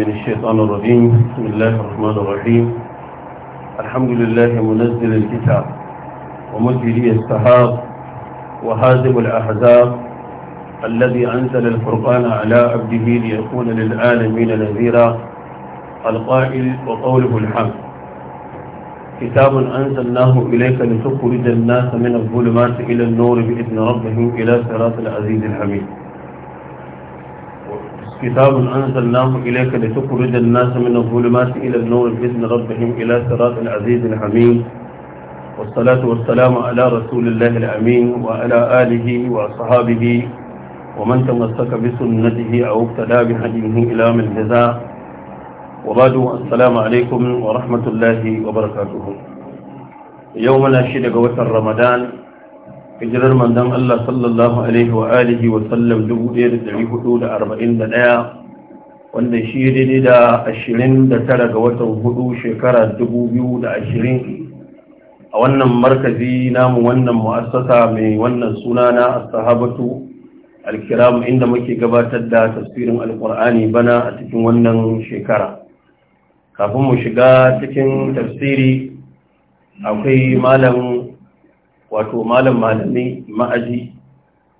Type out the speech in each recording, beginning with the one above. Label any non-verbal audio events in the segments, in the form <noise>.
من الشيطان الرجيم بسم الله الرحمن الرحيم الحمد لله منزل الكتاب ومجري السحاب وهازم الأحزاب الذي أنزل الفرقان على عبده ليكون للعالمين نذيرا القائل وقوله الحمد كتاب أنزلناه إليك لتخرج الناس من الظلمات إلى النور بإذن ربهم إلى صراط العزيز الحميد كتاب أنزلناه إليك لتخرج الناس من الظلمات إلى النور بإذن ربهم إلى صراط العزيز الحميد والصلاة والسلام على رسول الله الأمين وعلى آله وأصحابه ومن تمسك بسنته أو ابتدى بهديه إلى من جزاء وبعد السلام عليكم ورحمة الله وبركاته يومنا شدق قوة رمضان hijirar manzon Allah sallallahu alaihi wa alihi wa sallam 1441 wanda shi daidai da 29 ga watan hudu shekara 2020 a wannan markazi namu wannan mu'assasa mai wannan suna na as sahabatu alkiram inda muke gabatar da tafsirin al alkur'ani bana a cikin wannan shekara kafin mu shiga cikin tafsiri akwai malam wato malam malami ma'aji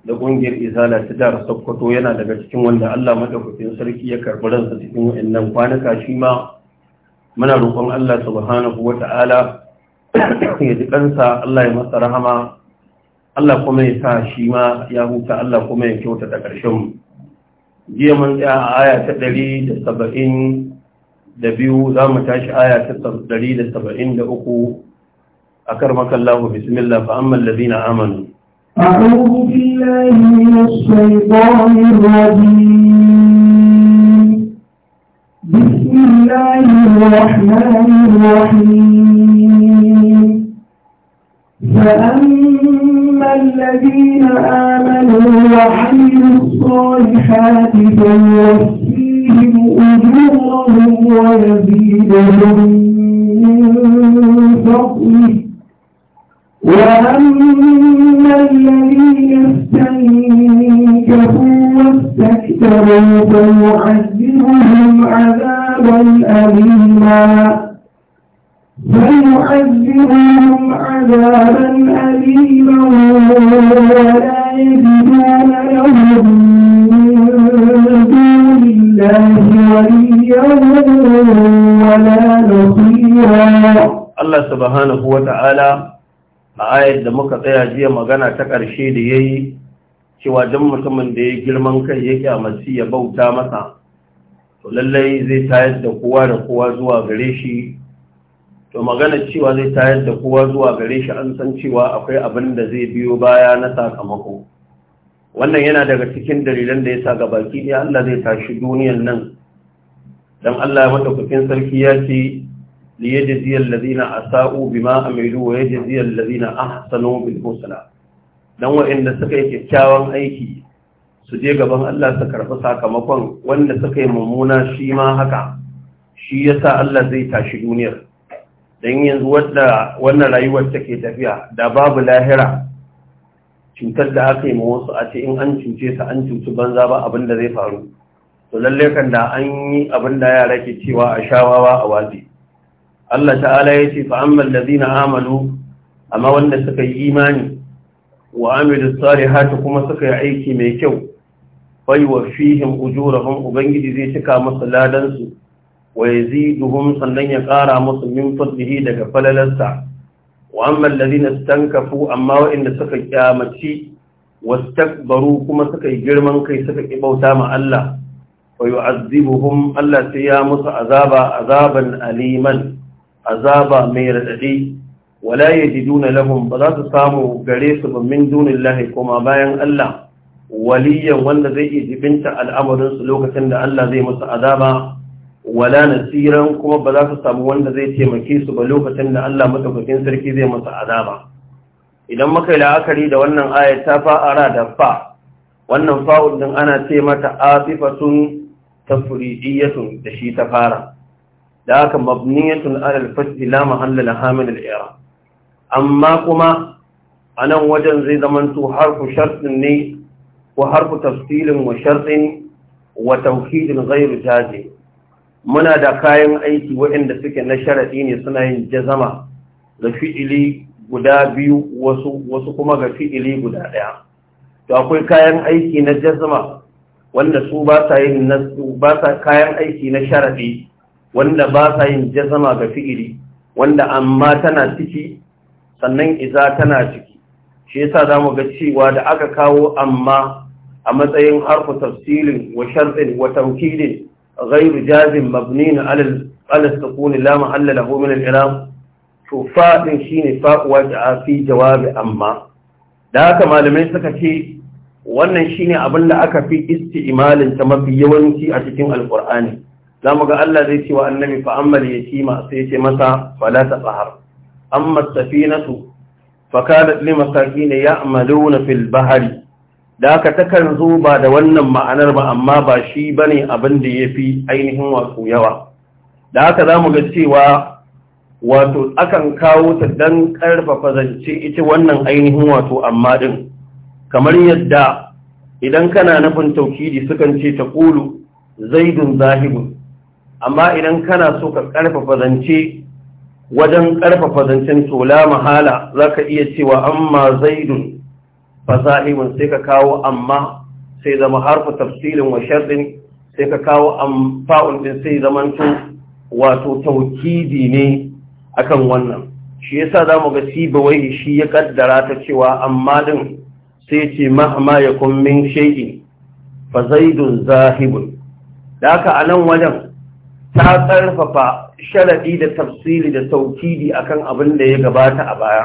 da ƙungiyar izala ta jihar sokoto yana daga cikin wanda allah madaukakin sarki ya karɓi ransa cikin wa'annan kwanuka shi ma muna roƙon allah subhanahu wa ta'ala <clears throat> ya ji ɗansa, allah ya masa rahama allah kuma ya sa shi ma ya huta allah kuma ya kyauta da ƙarshen jiya mun tsaya a aya ta ɗari da saba'in da biyu za mu tashi aya ta ɗari da saba'in da uku أكرمك الله بسم الله فأما الذين آمنوا أعوذ بالله من الشيطان الرجيم بسم الله الرحمن الرحيم فأما الذين آمنوا وعملوا الصالحات فيوفيهم أجورهم ويزيدهم من فضله وأما الذين استنكفوا واستكبروا فيعذبهم عذابا أليما فيعذبهم عذابا أليما ولا يجدون لهم من دون الله وليا ولا نصيرا الله سبحانه وتعالى a ayar da muka tsaya jiya magana ta ƙarshe da ya yi cewa don mutumin da ya girman kai ya kyamasi ya bauta masa to lallai zai tayar da kowa da kowa zuwa gare shi to magana cewa zai tayar da kowa zuwa gare shi an san cewa akwai abin da zai biyo baya na sakamako wannan yana daga cikin dalilan da ya sa gabaki ɗaya Allah zai tashi duniyan nan don Allah ya matakukin sarki ya ce ليجزي الذين أساءوا بما عملوا ويجزي الذين أحسنوا بالحسنى dan wa'anda suka yi kyakkyawan aiki su je gaban Allah su karɓi sakamakon wanda suka yi mummuna shi ma haka shi yasa Allah zai tashi duniyar dan yanzu wanda wannan rayuwar take tafiya da babu lahira cutar da aka yi ma wasu a ce in an cuce su an cuci banza ba abin da zai faru to lalle kan da an yi abin da yara ke cewa a shawawa a waje. Allah ta'ala ya ce da Zina amalu amma wanda suka yi imani wa amilu salihati kuma suka yi aiki mai kyau fai wa fihim ubangiji zai cika musu ladansu wa duhun sannan ya ƙara musu min fadlihi daga falalarsa wa amman lazina stankafu amma waɗanda suka kyamaci takbaru kuma suka yi girman kai suka ki bauta ma Allah wa yu'azzibuhum Allah sai ya musu azaba azaban aliman azaba mai radadi wala yajiduna lahum ba za su samu gare su ba min lahi, kuma bayan Allah waliyan wanda zai iya jibinta al'amarin lokacin da Allah zai musu azaba wala nasiran kuma ba za su samu wanda zai taimake su ba lokacin da Allah madaukakin sarki zai musu azaba idan muka yi la'akari da wannan ayat ta fa'ara da fa wannan fa'ul din ana ce mata afifatun tafridiyatun da shi ta fara da haka mabniyatun alal fathi la mahalla laha min al-i'rab amma kuma anan wajen zai zamanto harfu shartin ne ko harfu tafsilin wa shartin wa tawkidin ghairu jazi muna da kayan aiki waɗanda suke na sharadi ne suna yin jazama ga fi'ili guda biyu wasu wasu kuma ga fi'ili guda ɗaya to akwai kayan aiki na jazama wanda su ba sa yin ba sa kayan aiki na sharadi wanda ba sa yin jazama ga fi'iri, wanda amma tana ciki sannan iza tana ciki shi yasa zamu ga cewa da aka kawo amma a matsayin harfu tafsilin wa shartin wa tamkilin ghairu jazin, mabnin ala al-sukun la mahalla lahu min al-i'rab shine fi jawabi amma da haka malamai suka ce wannan shine abin da aka fi isti'imalin ta mafi yawanci a cikin Alƙur'ani. za mu ga Allah zai ce wa annabi fa ammal yatima sai ya ce masa fala ta tsahar amma safinatu fa kanat li masakin ya'maluna fil bahri da ka takan zo ba da wannan ma'anar ba amma ba shi bane abin da yafi ainihin wato yawa da haka za mu ga cewa wato akan kawo ta dan karfafa zance ita wannan ainihin wato amma din kamar yadda idan kana nufin taukidi sukan ce ta Kulu, zaidun zahibun amma idan kana so ka ƙarfafa zance wajen ƙarfafa zancen la mahala zaka iya cewa amma zaidun sahibun sai ka kawo amma sai zama harfa tafsirin wa shartin sai ka kawo amfa'un din sai to wato taukidi ne akan wannan shi yasa za mu ga wai shi ya kaddara ta cewa amma din sai ce mahama ya kun min fa zaidun zahibun da haka a wajen ta ƙarfafa sharaɗi da tafsiri da taukidi akan abin da ya gabata a baya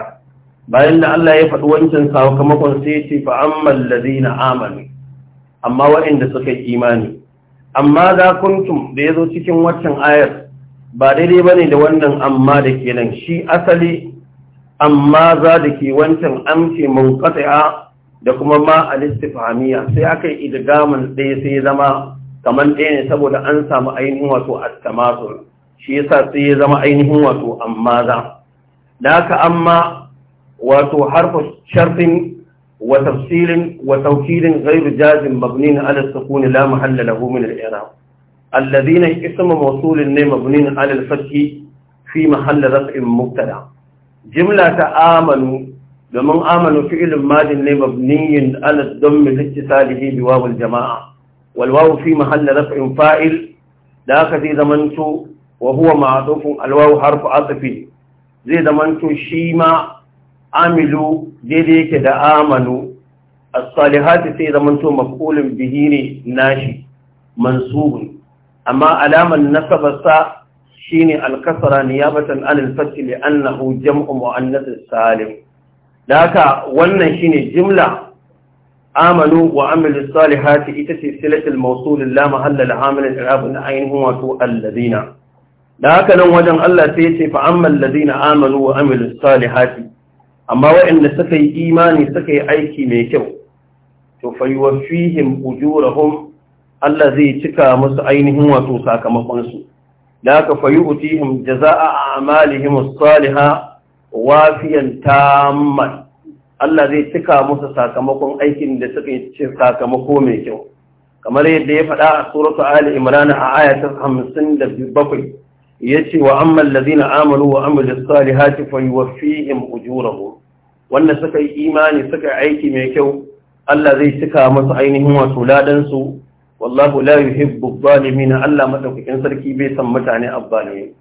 bayan da Allah ya faɗi wancan sakamakon sai ya ce fa'amman ladina amanu amma waɗanda suka yi imani amma za kuntum da ya zo cikin waccan ayar ba daidai ba ne da wannan amma da ke nan shi asali amma za da ke wancan amce munqati'a da kuma ma alistifamiya sai aka yi idgaman ɗaya sai zama kaman ɗaya ne saboda an samu ainihin wato at-tamasul shi yasa sai ya zama ainihin wato amma za da haka amma wato harfu sharfin wa tafsirin wa tawkidin ghairu jazim mabnin ala sukun la mahalla lahu min al-i'rab alladhina ismu mawsulin ne mabnin ala al-fathi fi mahall raf'in mubtada jimla ta amanu domin amanu filin madin ne mabniyin ala dhammi littisalihi bi wawul jama'a والواو في محل رفع فاعل لا كذي زمنتو وهو معطوف الواو حرف عطفي زي زمنتو شيما عملوا ديدي كده آمنوا الصالحات سي زمنتو مفعول به ناشي منصوب أما علامة النصب الساء شيني الكسرة نيابة عن الفتح لأنه جمع مؤنث السالم لك ولن شيني جملة amanu wa amilu salihati ita ce silatul mawsulin la mahalla la amilin irabun da ainihin wato allazina da haka nan wajen Allah sai ya ce fa amma amanu wa amilu salihati amma waɗanda suka yi imani suka yi aiki mai kyau to fa yuwaffihim ujurahum Allah zai cika musu ainihin wato sakamakon su da haka fa yu'tihim jazaa'a a'malihim salihah wafiyan tamman Allah zai cika musu sakamakon aikin da suka yi sakamako mai kyau kamar yadda ya faɗa a suratu Ali Imran a ayatul 57 yace wa ammal ladina amanu wa amilus salihati fayuwaffihim ujurahum wanda suka yi imani suka aiki mai kyau Allah zai cika musu ainihin wato ladan su wallahu la yuhibbu adh Allah madaukakin sarki bai san mutane azzalimi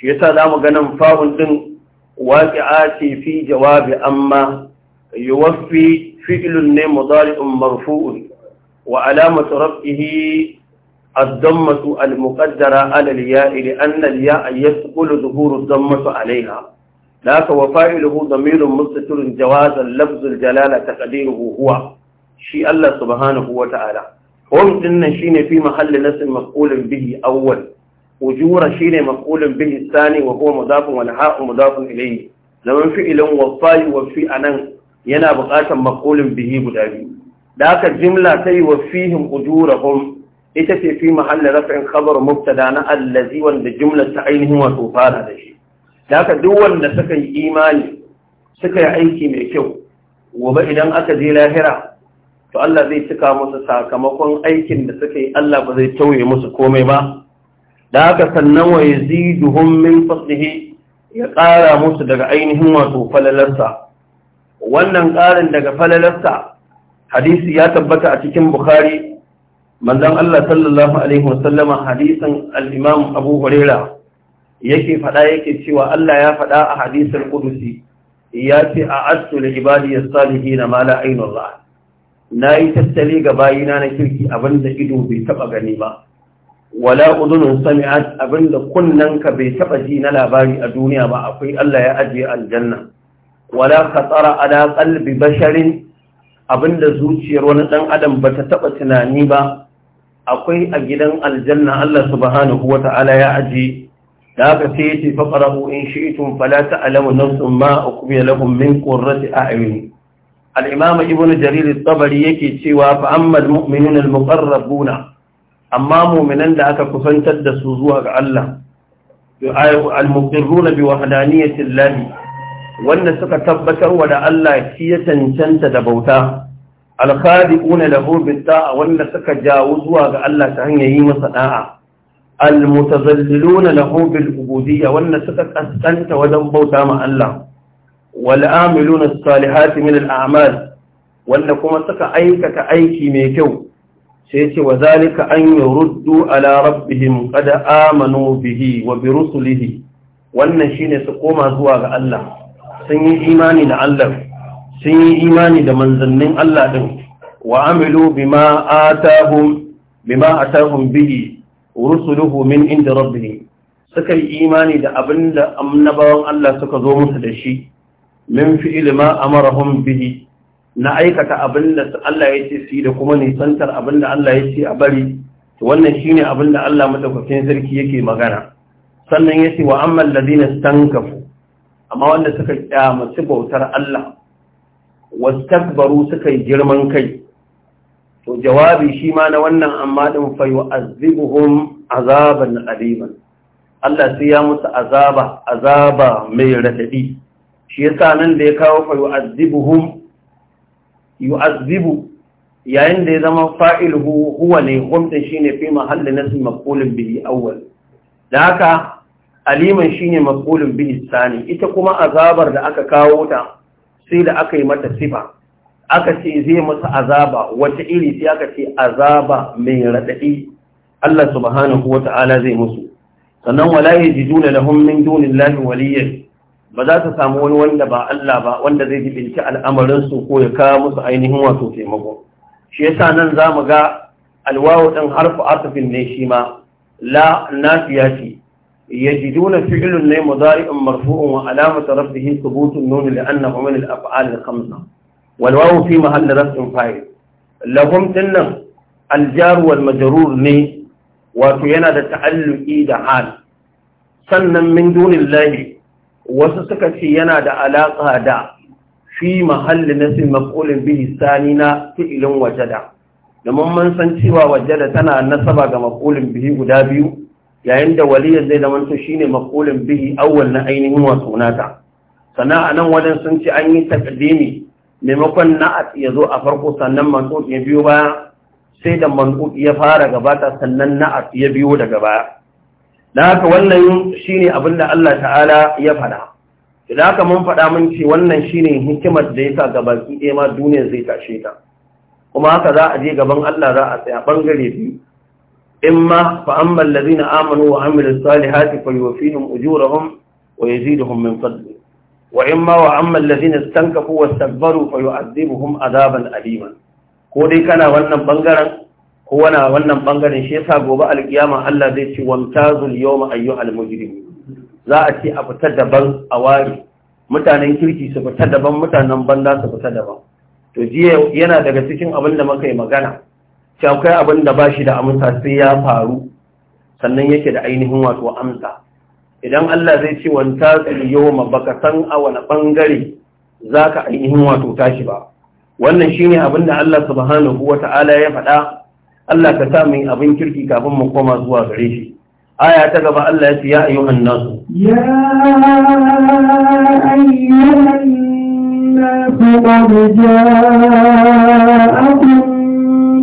shi yasa zamu ganin fa'un din waqi'a ce fi jawabi amma yuwaffi fi'lun ne mudari'un marfu'un wa alamatu rafihi الضمة المقدرة على الياء لأن الياء يسقل ظهور الضمة عليها ذاك وفاعله ضمير مستتر جوازا لفظ الجلالة تقديره هو شيء الله سبحانه وتعالى هم إن شين في محل نفس مفعول به أول وجور شين مفعول به الثاني وهو مضاف والحاء مضاف إليه لمن فعل وفاي وفي أنا yana buƙatar makolin bihi guda biyu da aka jimla ta yi wa fihim ujurahum ita ce fi mahalli rafin khabar mubtada na allazi wanda jimla ta ainihin wato fara da shi da aka duk wanda suka yi imani suka yi aiki mai kyau gobe idan aka je lahira to Allah zai cika musu sakamakon aikin da suka yi Allah ba zai tauye musu komai ba da haka sannan wa yaziduhum min fadlihi ya ƙara musu daga ainihin wato falalarsa wannan ƙarin daga falalarsa hadisi ya tabbata a cikin bukhari manzon Allah sallallahu alaihi wasallama hadisin al-imam Abu Huraira yake faɗa yake cewa Allah ya faɗa a hadisar Kudusi, ya ce a astu li ibadi as-salihin ma la Na yi nayi tattali ga bayina na kirki da ido bai taba gani ba wala udunun sami'at da kunnanka bai taba ji na labari a duniya ba akwai Allah ya ajiye aljanna wala khatara ala kalbi basharin abinda zuciyar wani dan adam bata taba tunani ba akwai a gidan aljanna Allah subhanahu ta'ala ya ajiye. da aka sai yace faqrahu in shi'tum fala ta'lamu nafsun ma uqbiya lahum min qurrati a'yun al-imam ibn jarir at-tabari yake cewa fa amma muminuna al-muqarrabuna amma mu'minan da aka kusantar da su zuwa ga Allah al-muqirruna bi wahdaniyatillah wanda suka tabbatar wa da Allah shi ya cancanta da bauta alkhadiquna lahu bitta'a wanda suka jawo zuwa ga Allah ta hanyar yi masa da'a almutazalliluna lahu bil ubudiyya wanda suka kaskanta wajen bauta ma Allah wal amiluna salihati min al a'mal wanda kuma suka aikata aiki mai kyau sai ce wa zalika an yuruddu ala rabbihim qad amanu bihi wa bi rusulihi wannan shine su koma zuwa ga Allah sun yi imani da Allah sun yi imani da manzannin Allah din wa amilu bima atahum bima atahum bihi rusuluhu min inda rabbihim suka yi imani da abinda annabawan Allah suka zo musu da shi min fi'il ma amarahum bihi na aikata da Allah ya ce su da kuma nisantar da Allah ya ce a bari wannan shine abinda Allah madaukakin sarki yake magana sannan yace wa amman ladina stankafu amma wanda suka kyamaci bautar Allah wastakbaru suka yi girman kai to jawabi shi ma na wannan amma din fa yu'azzibuhum azaban aliman Allah sai ya musu azaba azaba mai radadi shi yasa nan da ya kawo fa yu'azzibuhum yayin da ya zama fa'iluhu huwa ne hum shine fi mahalli nasb maf'ulun bihi awwal da haka aliman shine maqulun bihi sani ita kuma azabar da aka kawo ta sai da aka yi mata sifa aka ce zai masa azaba wata iri sai aka ce azaba mai radadi Allah subhanahu wata'ala zai musu sannan wala yajiduna lahum min dunillahi waliyyan ba za ta samu wani wanda ba Allah ba wanda zai jibinci al'amarin su ko ya kawo musu ainihin wato taimako shi yasa nan zamu ga alwawu din harfu asfin ne shi ma la nafiya ce يجدون فعل ني مضارع مرفوع وعلامة رفعه ثبوت النون لأنه من الأفعال الخمسة والواو في محل رفع فاعل لهم تنم الجار والمجرور ني وتينا ده تعلقي حال sannan min dunin wasu suka ce yana da alaƙa da fi mahalli na sin maf'ulin bihi sani na fi'ilun wajada domin mun san cewa wajada tana nasaba ga maf'ulin bihi guda biyu yayin da waliyan zai zamanto shine maqulun bihi awwal na ainihin wato nata sana'a nan wajen sun ce an yi taqdimi maimakon na'at ya zo a farko sannan manqut ya biyo baya sai da manqut ya fara gabata sannan na'at ya biyo daga baya dan haka wannan shine abin da Allah ta'ala ya faɗa idan haka mun faɗa mun ce wannan shine hikimar da yasa gabaki ɗaya ma duniya zai tashe ta kuma haka za a je gaban Allah za a tsaya bangare biyu إما فأما الذين آمنوا وعملوا الصالحات فيوفيهم أجورهم ويزيدهم من فضله وإما وأما الذين استنكفوا واستكبروا فيعذبهم عذابا أليما كودي كان wannan bangaren ko wana wannan bangaren shi yasa gobe alkiyama Allah zai ce wamtazul yawma ayyuhal za a a fita daban a wari mutanen kirki su fita daban mutanen banda su fita daban to jiya yana daga cikin abin da muka yi magana ce akwai abin da ba shi da amsa sai ya faru sannan yake da ainihin wato amsa idan Allah zai ce wanta su yoma baka san a wani bangare za ka ainihin wato tashi ba wannan shine abin da Allah subhanahu wata'ala ya faɗa Allah ka sa mu abin kirki kafin mu koma zuwa gare shi aya ta gaba Allah ya ce ya ayyuhan nasu ya ayyuhan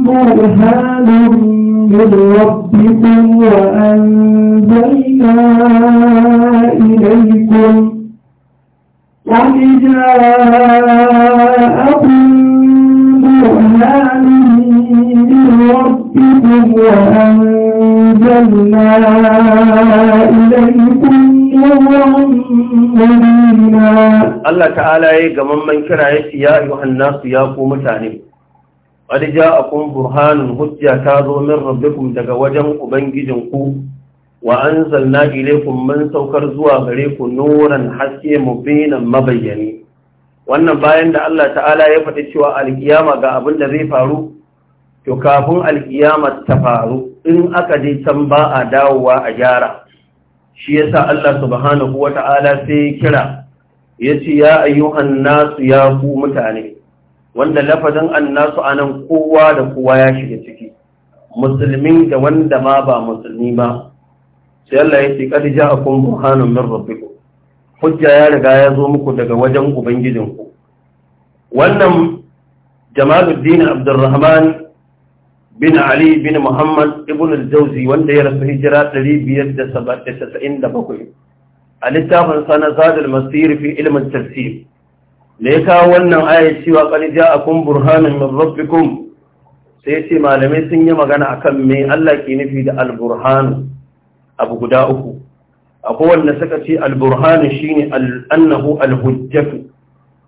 برهان من ربكم وأنزلنا إليكم قد جاءكم برهان من ربكم وأنزلنا إليكم Allah ta'ala ya gaman man kira ya ce ya yi nasu ya ku mutane qad ja'akum burhanun hujja ta zo min rabbikum daga wajen ubangijinku wa anzalna ilaykum man saukar zuwa gare ku nuran haske mubinan mabayyane wannan bayan da Allah ta'ala ya faɗi cewa alkiyama ga abin da zai faru to kafin alkiyama ta faru in aka je can ba a dawowa a gyara shi yasa Allah subhanahu ta'ala sai kira yace ya ayyuhan nasu ya ku mutane wanda lafazin annasu nan kowa da kowa ya shiga ciki musulmi da wanda ma ba musulmi ba sai Allah ya ce kad ja'akum burhanun min hujja ya riga ya zo muku daga wajen ku. wannan jamaluddin abdurrahman bin Ali bin Muhammad ibn al-Jauzi wanda ya rasu hijira 597 a littafin sana zadul masir fi ilmin tafsir da ya kawo wannan ayar cewa ƙarja a kun burhanin rabbikum sai ce malamai sun yi magana akan me Allah ke nufi da alburhanu abu guda uku akwai wanda suka ce alburhanu shine annahu alhujjatu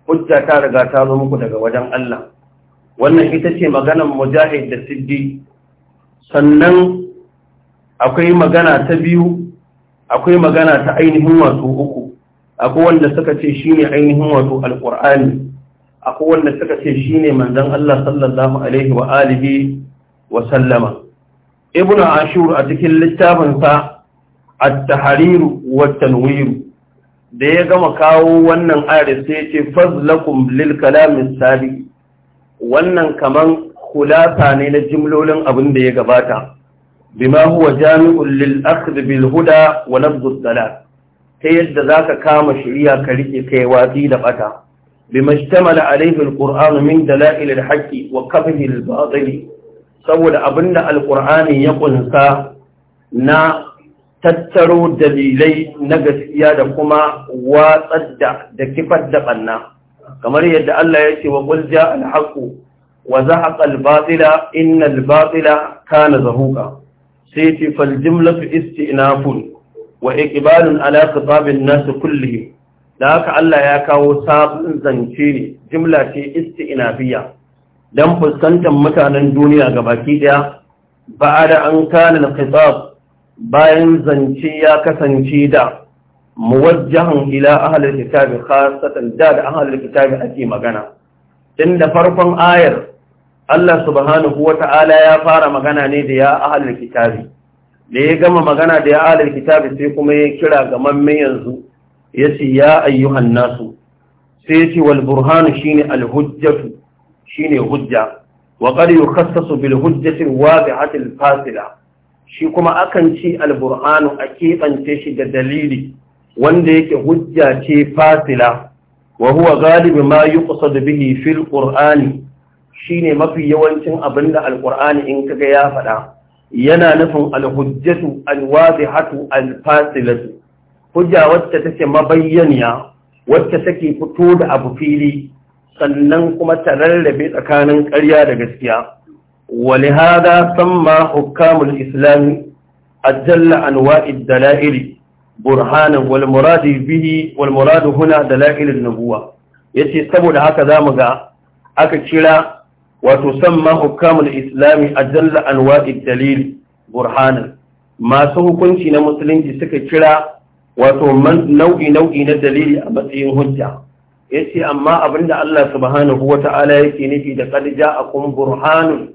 hujja ta riga ta zo muku daga wajen Allah wannan ita ce maganar mujahid da siddi sannan akwai magana ta biyu akwai magana ta ainihin wasu uku akwai wanda suka ce shine ainihin wato alkur'ani akwai wanda suka ce shine manzon Allah sallallahu alaihi wa alihi wa sallama ibn ashur a cikin littafin sa at-tahrir wa tanwir da ya gama kawo wannan ayar sai ya ce fazlakum lil kalam as wannan kaman khulasa ne na jimlolin abin da ya gabata bima huwa jami'un lil akhdh bil huda wa nabdh ad ta yadda za ka kama shari'a ka riƙe kai wati da ɓata bi mashtamala alaihi alqur'anu min dalail alhaqi wa kafihi albatil saboda abinda alqur'ani ya kunsa na tattaro dalilai na gaskiya da kuma watsar da da kifar da banna kamar yadda Allah ya ce wa qul jaa alhaqu wa zahaqa albatila inna albatila kana zahuqa sai ce fal jumlatu istinafun wa iqbalun ala babin nasu kulle da haka Allah ya kawo sabon zance ne jimla ce isti'nafiya dan fuskantar mutanen duniya ga baki ba da an kana al-khitab bayan zance ya kasance da muwajjahan ila ahlul kitabi khasatan da da ahlul kitabi ake magana da farkon ayar Allah subhanahu Ta'ala ya fara magana ne da ya ahlul kitabi da ya gama magana da ya alar kitabi sai kuma ya kira ga mamman yanzu ya ce ya ayyuhan nasu sai ya ce wal burhanu shine alhujjatu shine hujja wa qad yukhassasu bil hujjati wadi'ati al fasila shi kuma akan ci al burhanu a keɓance shi da dalili wanda yake hujja ce fasila wa huwa galibi ma yuqsad bihi fil qur'ani shine mafi yawancin abinda al qur'ani in kaga ya faɗa yana nufin alhujjatu alwazihatu alfasilatu hujja wacce take mabayyaniya wacce take fito da abu fili sannan kuma ta rarrabe tsakanin ƙarya da gaskiya wa li hada samma hukamul islam ajalla anwa'id dala'il burhana wal muradi bihi wal muradu huna dala'il an-nubuwa yace saboda haka zamu ga aka kira wato samma hukamul islami a jalla an waɗi dalil burhanan masu hukunci na musulunci suka kira wato nau'i nau'i na dalili a matsayin hujja ya ce amma abinda Allah subhanahu wa ta'ala yake nufi da kalija a kun burhanun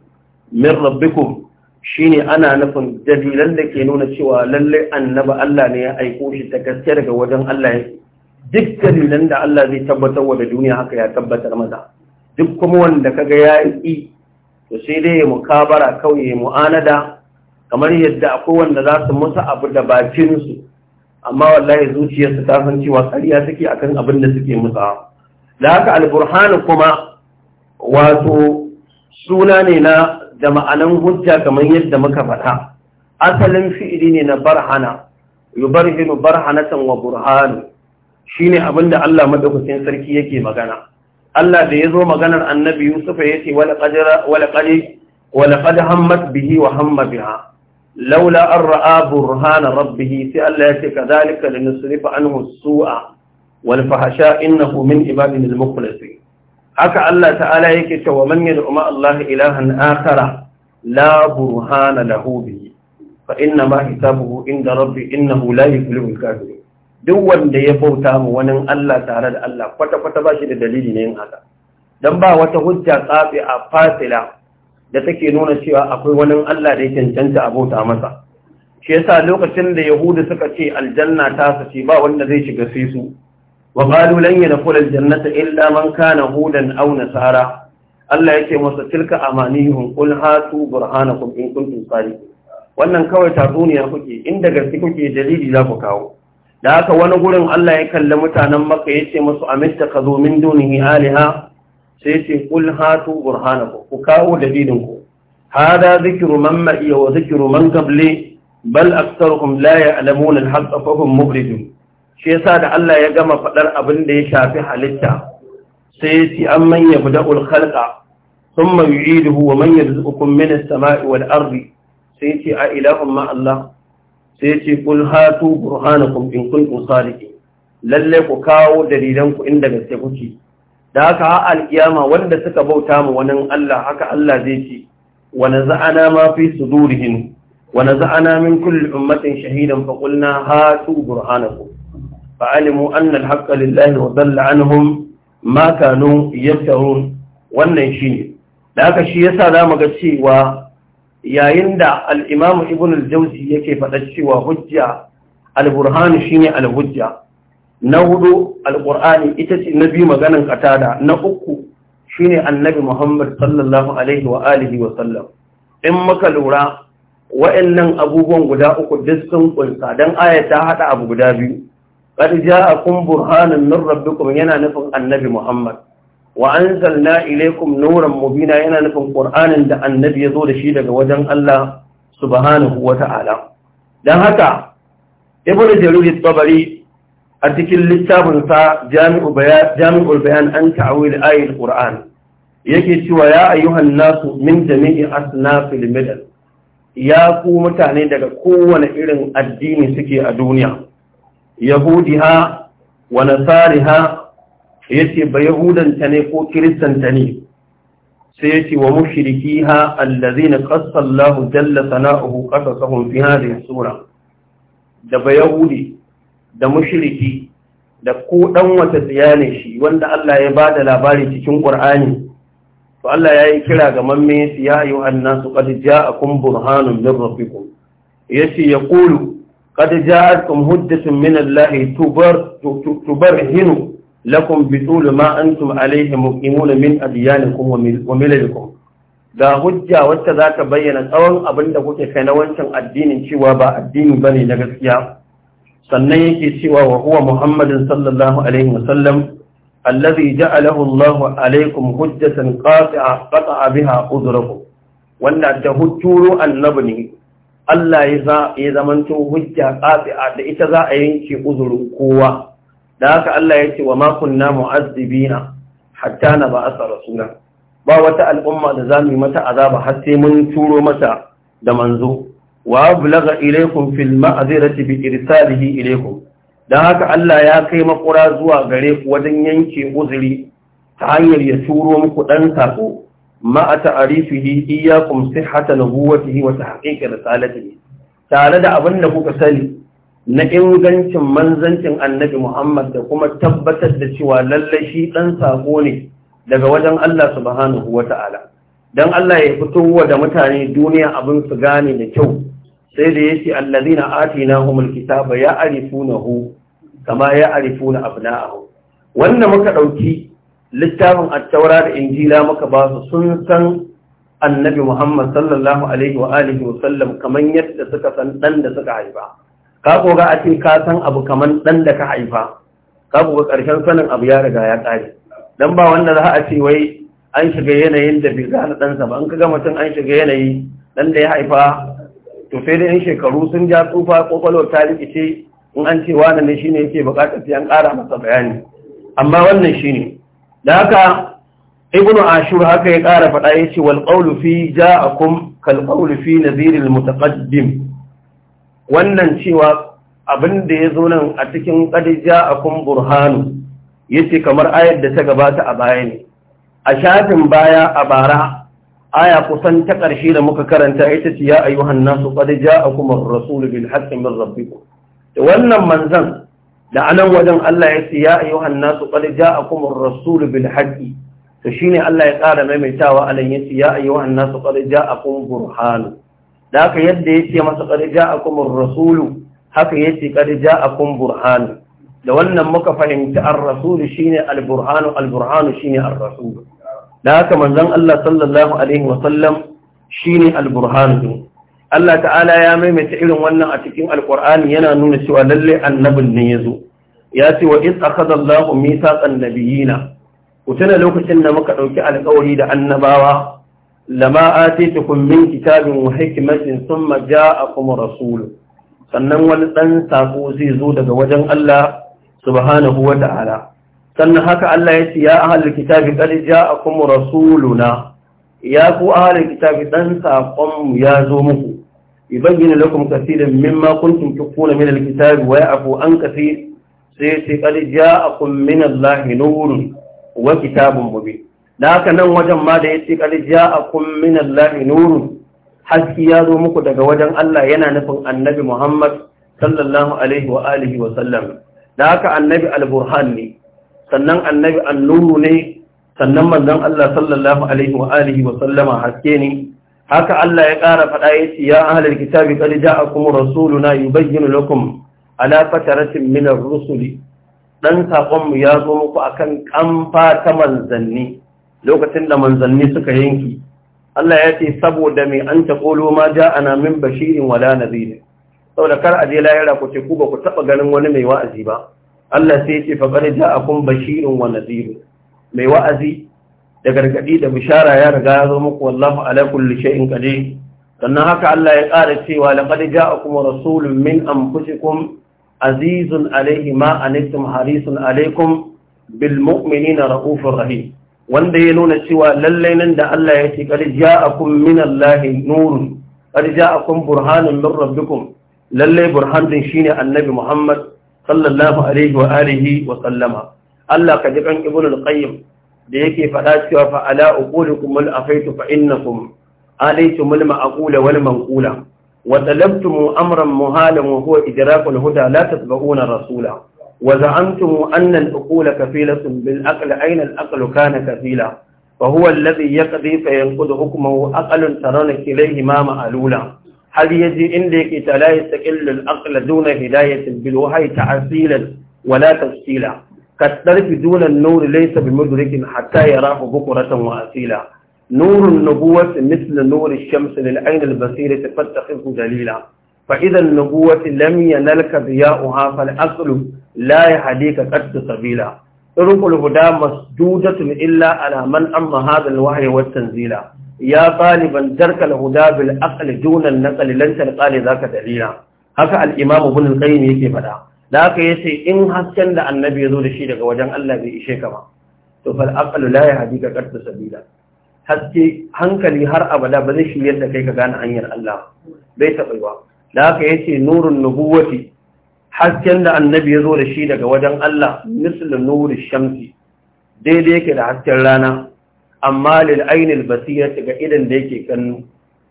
min rabbikum shine ana nufin dalilan da ke nuna cewa lallai annaba Allah ne ya aiko shi ta gaske daga wajen Allah yake duk dalilan da Allah zai tabbatar wa da duniya haka ya tabbatar maza duk kuma wanda kaga ya yi to sai dai ya mukabara kauye mu'anada kamar yadda akwai wanda za su musu abu da bakinsu amma wallahi zuciyarsu ta san cewa ƙarya suke akan abin da suke musa da haka alburhan kuma wato suna ne na da ma'anan hujja kamar yadda muka faɗa asalin fi'ili ne na barhana yubarhinu barhanatan wa burhanu shine abinda Allah madaukakin sarki yake magana Allah da ya zo maganar annabi Yusuf ya ce wala qadara wala qadi hammat bihi wa hamma biha laula an ra'a burhana rabbihi sai Allah ya ce da linusrifa an su'a wal fahsha innahu min ibadina al mukhlasin haka Allah ta'ala yake wa man yad'u ma Allah ilahan akhara la burhana lahu bihi fa inna ma hisabuhu inda rabbi innahu la yuflihu al kafirun duk wanda ya bauta mu wani Allah tare da Allah kwata-kwata ba shi da dalili ne yin haka don ba wata hujja tsafi a fasila da take nuna cewa akwai wani Allah da ya cancanta a bauta masa shi yasa lokacin da yahudu suka ce aljanna ta sace ba wanda zai shiga sai su wa qalu lan yadkhul aljannata illa man kana hudan aw nasara Allah yake masa tilka amanihum qul hatu burhanakum in kuntum sadiqin wannan kawai tatsuniya kuke inda gaske kuke dalili za ku kawo da haka wani gurin Allah ya kalli mutanen maka ya ce masu aminta ka zo min dunihi aliha sai ce kul hatu ku kawo dalilinku hada zikiru man ma'iya wa zikiru man qabli bal aktsaruhum la ya'lamun al-haqq fa hum mubridun shi yasa da Allah ya gama fadar abin da ya shafi halitta sai ya ce amman yabda'ul khalqa thumma yu'iduhu wa man yarzuqukum min as-sama'i wal ardi sai ya ce a ilahumma Allah sai yace kul hatu burhanakum in kuntum sadiqin lalle ku kawo dalilan ku inda gaske kuke da haka ha alkiyama wanda suka bauta mu wani Allah haka Allah zai ce wa naza'ana ma fi sudurihim wa naza'ana min kulli ummatin shahidan fa qulna hatu burhanakum fa'alimu annal haqqa lillahi wa dhalla anhum ma kanu yaftarun wannan shine da haka shi yasa zamu ga cewa yayin da al-Imam Ibn al jauzi yake faɗa cewa hujja al shi shine al-hujja na hudu al ƙurani ita ce na biyu maganin ƙatada. na uku shine Annabi Muhammad sallallahu alaihi wa alihi wa sallam in muka lura wa'annan abubuwan guda uku duk sun don dan aya ta haɗa abu guda biyu a kun burhanun min rabbikum yana nufin Annabi Muhammad wa anzalna ilaykum nuran mubina yana nufin qur'anin da annabi ya zo da shi daga wajen Allah subhanahu Ta'ala. dan haka ibnu jarir tabari a cikin littafin sa jami'u bayan jami'ul bayan an ta'wil ayatul qur'an yake cewa ya ayyuhan nasu min jami'i asnafil midal ya ku mutane daga kowane irin addini suke a duniya yahudi ha wa nasari ha Ya ce, ba yahudanta ne ko kiristanta ne sai ya yace wa mushrikiha allazina na Allahu jalla sana'uhu sahun fi hadhihi sura da ba yahudi da mushiriki da ko ɗan wata ne shi wanda Allah ya ba da labari cikin ƙur'ani, to Allah ya yi kira ga mamme ya yi ƙadi ja a kun burhanun min rabbikum yace yaqulu qad ja'akum hujjatun min Allah tubar hinu lakum bitul ma antum alaihi muqimuna min adyanikum wa milalikum da hujja wacce za ta bayyana tsawon abin da kuke kai na wancan addinin cewa ba addini ba ne na gaskiya sannan yake cewa wa huwa muhammadin sallallahu alaihi wasallam allazi ja'alahu Allahu alaikum hujjatan qati'a qata'a biha udurakum wanda da hujjuru annabi ne Allah ya za ya zamanto hujja qati'a da ita za a yanke uzurin kowa da haka Allah ya ce wa makon na mu'azzibina hatta na ba asa rasula ba wata al'umma da zamu yi mata azaba har sai mun turo mata da manzo wa bulaga ilaykum fil ma'zirati bi irsalihi ilaykum dan haka Allah ya kai makura zuwa gare ku wajen yanke uzuri ta hanyar ya turo muku dan sako ma'a ta'arifihi iyyakum sihhata nubuwatihi wa tahqiq risalatihi tare da abin da kuka sani na ingancin manzancin annabi Muhammad da kuma tabbatar da cewa lallai shi ɗan sako ne daga wajen Allah subhanahu wa ta'ala. Don Allah ya fito wa da mutane duniya abin su gane da kyau, sai da ya ce allazi na ati na humul kitaba ya arifu na hu, kama ya arifu na abu na ahu. Wannan muka ɗauki littafin attaura da injila muka ba su sun san annabi Muhammad sallallahu alaihi wa alihi wa sallam kamar yadda suka san ɗan da suka haifa. ka koga a ce ka san abu kamar dan da ka haifa ka koga karshen sanin abu ya riga ya kare dan ba wanda za a ce wai an shiga yanayin da bai gane ɗansa ba an ka ga mutum an shiga yanayi dan da ya haifa to sai dai in shekaru sun ja tsufa kwakwalwar ta rikice in an ce wani ne shine yake bukatar sai an ƙara masa bayani amma wannan shine da haka ibnu ashur haka ya ƙara faɗa yace wal qawlu fi ja'akum kal qawlu fi nadhiril mutaqaddim wannan cewa abin da ya zo nan a cikin ƙadija a kun burhanu ya ce kamar ayar da ta gabata a baya ne a shafin baya a bara aya kusan ta ƙarshe da muka karanta ita ce ya ayyuhan nasu ƙadija a kuma rasulu bil haƙƙin min rabbikum da wannan manzan da anan wajen Allah ya ce ya ayyuhan nasu qad a ar-rasul bil haqqi to shine Allah ya ƙara maimaitawa a yace ya ayyuhan nasu a ja'akum burhan da haka yadda ya ce masa ƙarja a kumar rasulu haka ya ce ƙarja a kun da wannan muka fahimci an rasulu shi ne alburhanu alburhanu shi ne an rasulu da haka manzan Allah sallallahu alaihi wasallam shi ne alburhanu Allah ta'ala ya maimaita irin wannan a cikin alƙur'ani yana nuna cewa lalle annabin ne ya zo ya ce wa iz akhadha Allahu mithaqan nabiyina ku tuna lokacin da muka ɗauki alƙawari da annabawa lama atitukum min kitabin wa hikmatin thumma ja'akum rasul sannan wani dan sako zai zo daga wajen Allah subhanahu ta'ala sannan haka Allah ya ce ya ahlul kitabi qad ja'akum rasuluna ya ku ahlul kitabi dan sakon mu ya zo muku ibayyana lakum kaseeran mimma kuntum tukuna min alkitabi wa ya'fu an kaseer sai ce qad ja'akum min allahi nurun wa kitabun mubin da haka nan wajen ma da ya ce ƙarfi ya a kun minan lafi haski ya zo muku daga wajen Allah yana nufin annabi Muhammad sallallahu alaihi wa alihi wa sallam da haka annabi al-burhan ne sannan annabi annuru ne sannan manzon Allah sallallahu alaihi wa alihi wa sallama haske ne haka Allah ya ƙara faɗa ya ce ya ahlal kitabi qad ja'akum rasuluna bayyana lakum ala fataratin min rusuli ɗan saƙonmu mu ya zo muku akan ƙamfa ta manzanni lokacin da manzanni suka yanki Allah ya ce saboda mai an taƙolo ma ja ana min bashirin wala nazir saboda kar a je lahira ku ce ku ba ku taɓa ganin wani mai wa'azi ba Allah sai ya ce a kun bashirin wa nazir mai wa'azi da gargadi da bishara ya riga ya zo muku wallahu ala kulli shay'in qadir sannan haka Allah ya ƙara cewa laqad ja'akum rasulun min anfusikum azizun alayhi ma anittum harisun alaykum bil mu'minina raufur rahim wanda ya nuna cewa lallai nan da Allah ya ce qad ja'akum min Allahi nurun qad ja'akum burhanun min rabbikum lallai burhan din shine annabi Muhammad sallallahu alaihi wa alihi wa sallama Allah ka ji kan ibnu qayyim da yake faɗa cewa fa ala uqulukum al afaitu fa innakum alaytum al ma'qula wal manqula wa talabtum amran muhalan wa huwa idrakul huda la rasula وزعمتم أن الأقول كفيلة بالأقل أين الأقل كان كفيلا فهو الذي يقضي فينقض حكمه أقل ترون إليه ما مألولا هل يجي إنديك تلا يستقل الأقل دون هداية بالوحي تعسيلا ولا تفصيلا كالطرف دون النور ليس بمدرك حتى يراه بكرة وأسيلا نور النبوة مثل نور الشمس للعين البصيرة فاتخذه دليلا فإذا النبوة لم ينلك ضياؤها فالأصل la yahdika qattu sabila irqul huda masdudatun illa ala man amma hadha alwahyi tanzila ya taliban darka alhuda bil aqli duna an-naqli lan talqa li zaka dalila haka al-imam ibn al-qayyim yake faɗa da haka ce in hasken da annabi ya zo da shi daga wajen Allah bai ishe ka ba to fal aqlu la sabila haske hankali har abada ba zai shiryar da kai ka gane hanyar Allah bai taɓa ba da haka yace nurun nubuwati hasken da annabi ya zo da shi daga wajen Allah mislin nuri shamsi daidai yake da hasken rana amma lil ainil basira ga idan da yake kannu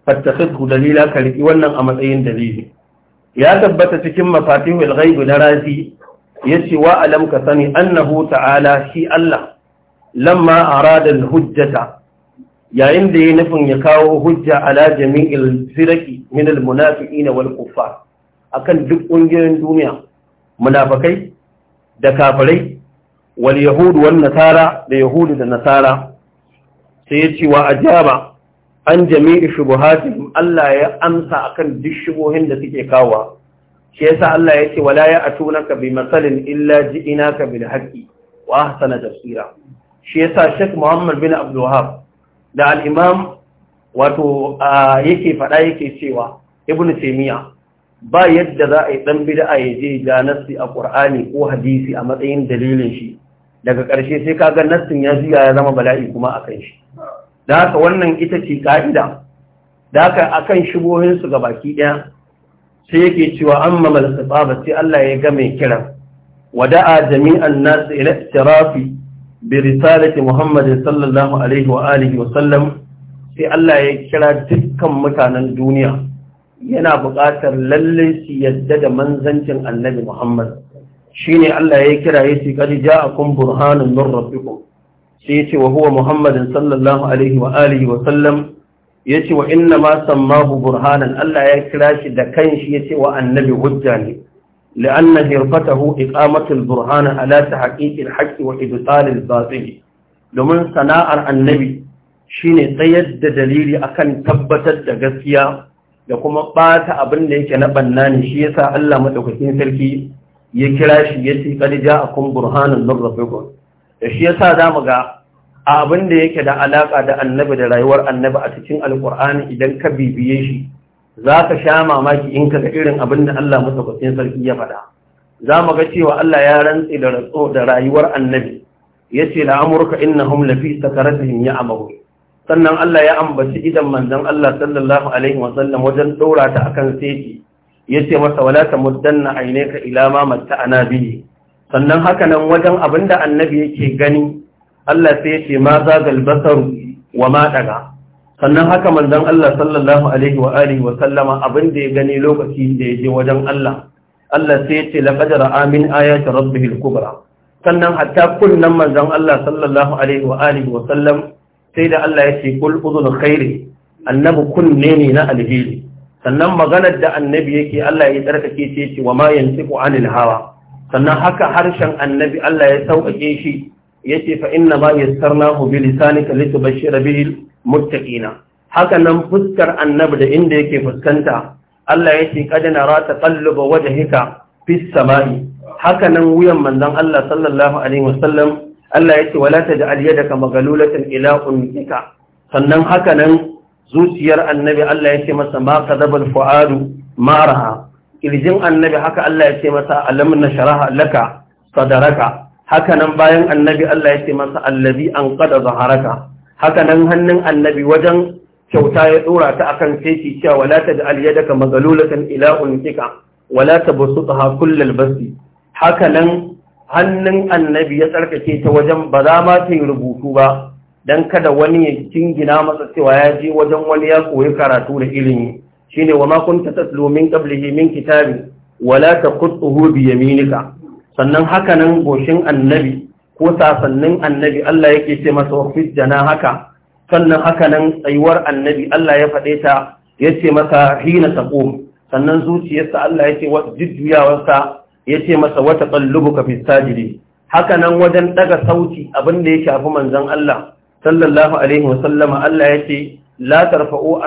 fattasatu dalila ka wannan a matsayin dalili ya tabbata cikin mafatihul ghaibi na razi yace wa alam ka sani annahu ta'ala shi Allah lamma arada al hujjata yayin da ya nufin ya kawo hujja ala jami'il firaki min al munafiqina wal kuffar akan duk ƙungiyoyin duniya munafakai da kafirai wal yahudu nasara da yahudu da nasara sai ya ce wa ajaba an jami'i shubuhatihim Allah ya amsa akan duk shubuhin da suke kawo shi yasa Allah ya ce wala ya atunaka bi masalin illa ji'inaka bil haqqi wa ahsana tafsira shi yasa Sheikh Muhammad bin Abdul da al-Imam wato yake fada yake cewa Ibn Taymiyyah ba yadda za a yi ɗan bid'a ya je ga nassi a ƙur'ani ko hadisi a matsayin dalilin shi daga ƙarshe sai ka ga nassin ya juya ya zama bala'i kuma a kan shi da haka wannan ita ce ka'ida da haka akan shigohinsu ga baki ɗaya sai yake cewa an mamal sababa sai Allah ya ga mai kiran wada'a jami'an nasu ila ittirafi bi risalati Muhammad sallallahu alaihi wa alihi wa sallam sai Allah ya kira dukkan mutanen duniya yana buƙatar lalle su yadda da manzancin annabi Muhammad ne Allah ya kira ya ce a kun burhanun min rabbikum sai yace wa huwa Muhammadin sallallahu alaihi wa alihi wa sallam ce, wa inna ma sammahu burhanan Allah ya kira shi da kanshi yace wa annabi hujja ne لأن هرفته إقامة البرهان على تحقيق wa وإبطال الباطل domin sana'ar annabi shine tsayar da dalili akan tabbatar da gaskiya da kuma ɓata abin da yake na banna ne shi yasa Allah madaukakin sarki ya kira shi ya ce kad ja'akum burhanun min rabbikum da shi yasa zamu ga abin da yake da alaka da annabi da rayuwar annabi a cikin alqur'ani idan ka bibiye shi zaka sha mamaki in ka ga irin abin da Allah madaukakin sarki ya faɗa zamu ga cewa Allah ya rantsi da da rayuwar annabi yace la amurka innahum lafi sakaratihim ya'mahu sannan Allah ya ambaci idan manzon Allah sallallahu alaihi Sallam wajen dora ta akan sai yace masa wala ta tamuddanna aynaka ila ma matta'ana bihi sannan haka nan wajen abinda annabi yake gani Allah sai yace ma zagal basaru wa ma daga sannan haka manzon Allah sallallahu alaihi wa alihi wa sallama abinda ya gani lokaci da yaje wajen Allah Allah sai yace laqad ra'a min ayati rabbihil kubra sannan hatta kullun manzon Allah sallallahu alaihi wa alihi wa sallam sai da Allah ya ce kul uzun khairi annabi kunne ne na alheri sannan maganar da annabi yake Allah ya tsarkake ce ce wa ma yantiqu anil hawa sannan haka harshen annabi Allah ya sauƙaƙe shi yace fa inna ma yassarnahu bi lisanika litubashshira bihi muttaqina haka nan fuskar annabi da inda yake fuskanta Allah yace qad nara taqalluba wajhika fis samai haka nan wuyan manzon Allah sallallahu alaihi wasallam Allah ya ce wala taj'al yadaka maghlulatan ila ummika sannan haka nan zuciyar annabi Allah ya ce masa ma kadabal fuadu maraha kirjin annabi haka Allah ya ce masa alam nasharaha laka sadaraka haka nan bayan annabi Allah ya ce masa allazi anqada zaharaka haka nan hannun annabi wajen kyauta ya dora ta akan sai cewa wala taj'al yadaka maghlulatan ila ummika wala tabsutaha kullal basti haka nan hannun annabi ya tsarkake ta wajen ba za ma ta yi rubutu ba don kada wani ya jingina masa cewa ya je wajen wani ya koyi karatu da ilimi shine wa makon ta tatlu min qablihi min kitabi wala taqutuhu bi yaminika sannan hakanan goshin annabi ko sasannin annabi Allah yake ce masa waqfid jana haka sannan hakanan tsayuwar annabi Allah ya faɗe ta yace masa hina taqum sannan zuciyarsa Allah yake wa jujjuyawarsa ce masa wata qallubuka fi sajidi haka wajen ɗaga sauti abin da ya shafi manzon Allah sallallahu alaihi wasallam Allah yace la tarfa'u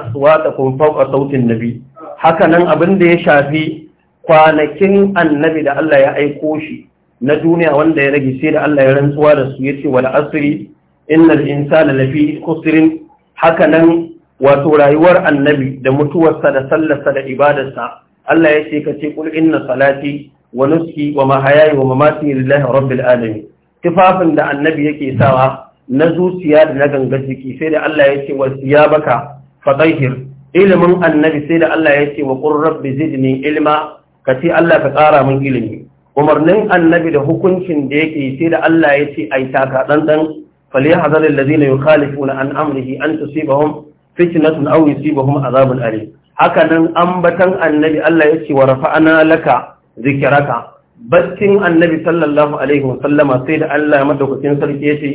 kun fawqa sautin nabi hakanan nan abin da ya shafi kwanakin annabi da Allah ya aiko shi na duniya wanda ya rage sai da Allah ya rantsuwa da su ya ce wal asri innal insana lafi khusrin haka Hakanan, wato rayuwar annabi da mutuwarsa da sallarsa da ibadarsa Allah ya ce ka ce kul inna salati wa nuski wa mahayayi wa mamati lillahi rabbil alamin tufafin da annabi yake sawa na zuciya da na ganga jiki sai da Allah ya ce wa siyabaka fatahir ilimin annabi sai da Allah ya ce wa qur rabbi zidni ilma ce Allah ka ƙara min ilimi umarnin annabi da hukuncin da yake sai da Allah ya ce ai taka dan dan falyahzar alladhina yukhalifuna an amrihi an tusibahum fitnatun aw yusibahum azabun alim haka nan ambatan annabi Allah ya ce wa rafa'ana laka zikiraka baccin annabi sallallahu alaihi wasallama sai da Allah madaukakin sarki yace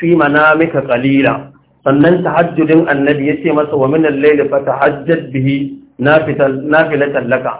fi manamika qalila sannan tahajjudin annabi yace masa wa min al-layli fatahajjad bihi nafilatan laka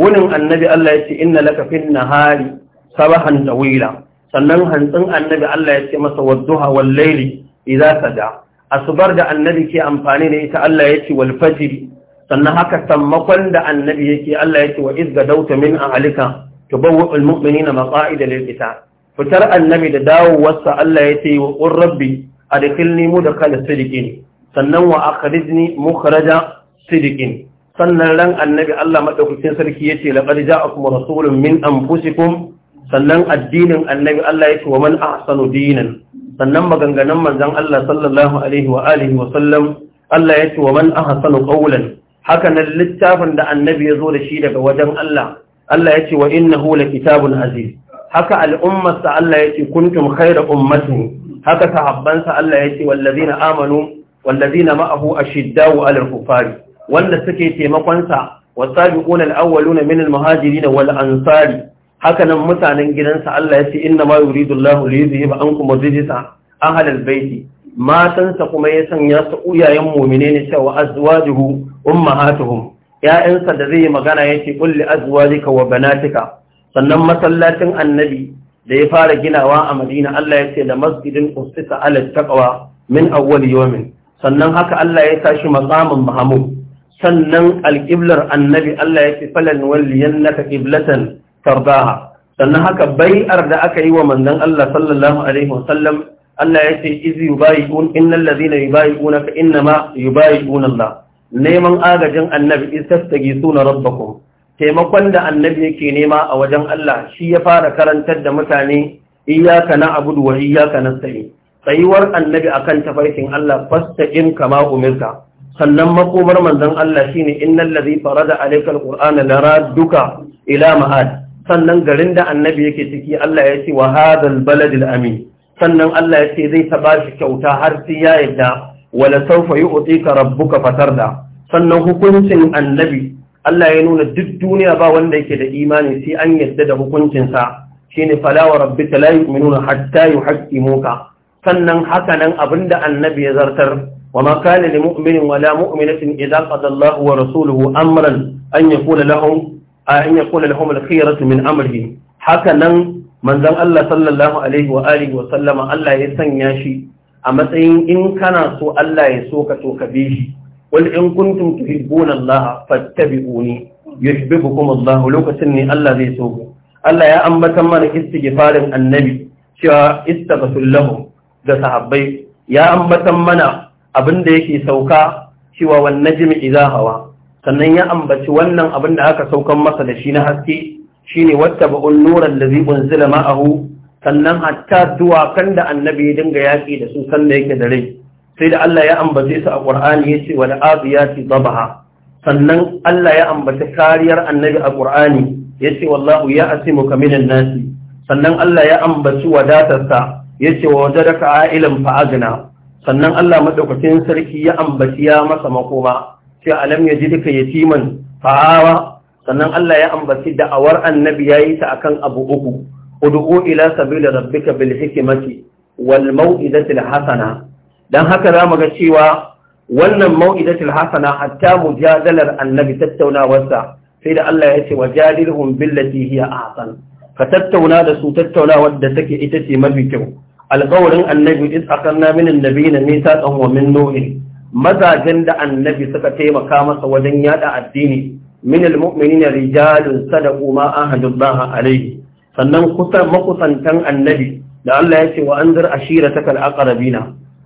wunin annabi Allah yace inna laka fin nahari sabahan tawila sannan hantsin annabi Allah yace masa wadduha wal layli idza sada asbar da annabi ke amfani da ita Allah yace wal fajr sannan haka sammakon da annabi yake Allah yake wa izga dauta min ahlika tubawwa'ul mu'minina maqa'ida lil qital fitar annabi da dawowarsa Allah yace wa qur rabbi adkhilni mudkhal sidiqin sannan wa akhrijni mukhraja sidiqin sannan ran annabi Allah madaukakin sarki yace laqad ja'akum rasulun min anfusikum sannan addinin annabi Allah yace wa man ahsanu dinan sannan maganganun manzon Allah sallallahu alaihi wa alihi wa sallam Allah yace wa man ahsanu qawlan haka nan littafin da annabi ya zo da shi daga wajen Allah Allah ya ce wa la kitabun aziz haka al'ummarsa Allah ya ce kuntum khayra ummatin haka sahabbansa Allah ya ce wallazina amanu wallazina ma'ahu ashiddau 'alal kufari wanda suke taimakon sa wasabiqun al-awwaluna min muhajiri muhajirin wal ansari haka nan mutanen gidansa Allah ya ce inna ma yuridu Allahu li yuzhiba ankum rijsa ahlal baiti matansa kuma ya sanya su uyayen mu'mine ne cewa azwajuhu ummahatuhum ya'yansa da zai magana yace qul li azwajika wa banatika sannan masallacin annabi da ya fara ginawa a Madina Allah ya ce da masjidin ustisa ala taqwa min awwal yawmin sannan haka Allah ya tashi maqamin mahmud sannan alqiblar annabi Allah ya ce falan walliyannaka qiblatan tardaha sannan haka bai'ar da aka yi wa manzon Allah sallallahu alaihi wasallam Allah ya ce izi yubayi'un innal ladhina yubayi'unaka innama yubayi'una Allah neman agajin annabi istastagi suna rabbakum taimakon da annabi yake nema a wajen Allah shi ya fara karantar da mutane na abudu wa na nasta'in tsayuwar annabi akan tafarkin Allah fasta in kama umirka sannan makomar manzon Allah shine innal ladhi farada alayka alqur'ana laradduka ila ma'ad sannan garin da annabi yake ciki Allah ya ce wa hadal baladil amin sannan Allah ya ce zai taba shi kyauta har sai ya yadda wala sawfa yu'tika rabbuka fatarda sannan hukuncin annabi Allah ya nuna duk duniya ba wanda yake da imani sai an yarda da hukuncinsa shine fala wa rabbika la yu'minuna hatta yuhaqqimuka sannan haka nan abinda annabi ya zartar wa ma kana lil mu'minin wala mu'minatin idza qada Allahu wa rasuluhu amran an yaqula lahum an yaqula lahum min amrihim Hakanan nan manzon Allah sallallahu alaihi wa alihi wa Allah ya sanya shi a matsayin in kana so Allah ya so to ka bi shi qul in kuntum tuhibbuna Allah fattabi'uni yuhibbukum Allah lokacin ne Allah zai so Allah ya ambatan mana istighfarin annabi cewa ga lahum da sahabbai ya ambatan mana abin da yake sauka cewa wan najmi idza hawa sannan ya ambaci wannan abin da aka saukan masa da shi na haske shine wattaba'un nuran ladhi unzila ma'ahu sannan hatta duwakan da annabi ya dinga yaƙi da su sanda yake da rai sai da Allah ya ambace su a Qur'ani yace wal adiyati dabaha sannan Allah ya ambaci kariyar annabi a Qur'ani yace wallahu ya asimuka minan nasi sannan Allah ya ambaci wadatarsa yace wa wajadaka a'ilan fa agna sannan Allah madaukakin sarki ya ambaci ya masa makoma sai alam yajidka yatiman fa'awa sannan Allah ya ambaci da'awar annabi yayi ta akan abu uku ud'u ila sabili rabbika bil hikmati wal mau'izati al hasana dan haka za mu ga cewa wannan mau'izatul hasana hatta mujadalar annabi tattaunawarsa sai da Allah ya ce wajadilhum billati hiya ahsan ka tattauna da su tattaunawar da take ita ce mafi kyau alƙawarin annabi is akanna min annabiyina mithaqan wa min nuhi mazajen da annabi suka taimaka masa wajen yada addini min almu'minina rijalun sadaqu ma ahadullah alayhi sannan kusa makusantan annabi da Allah ya ce wa anzir ashirataka alaqrabina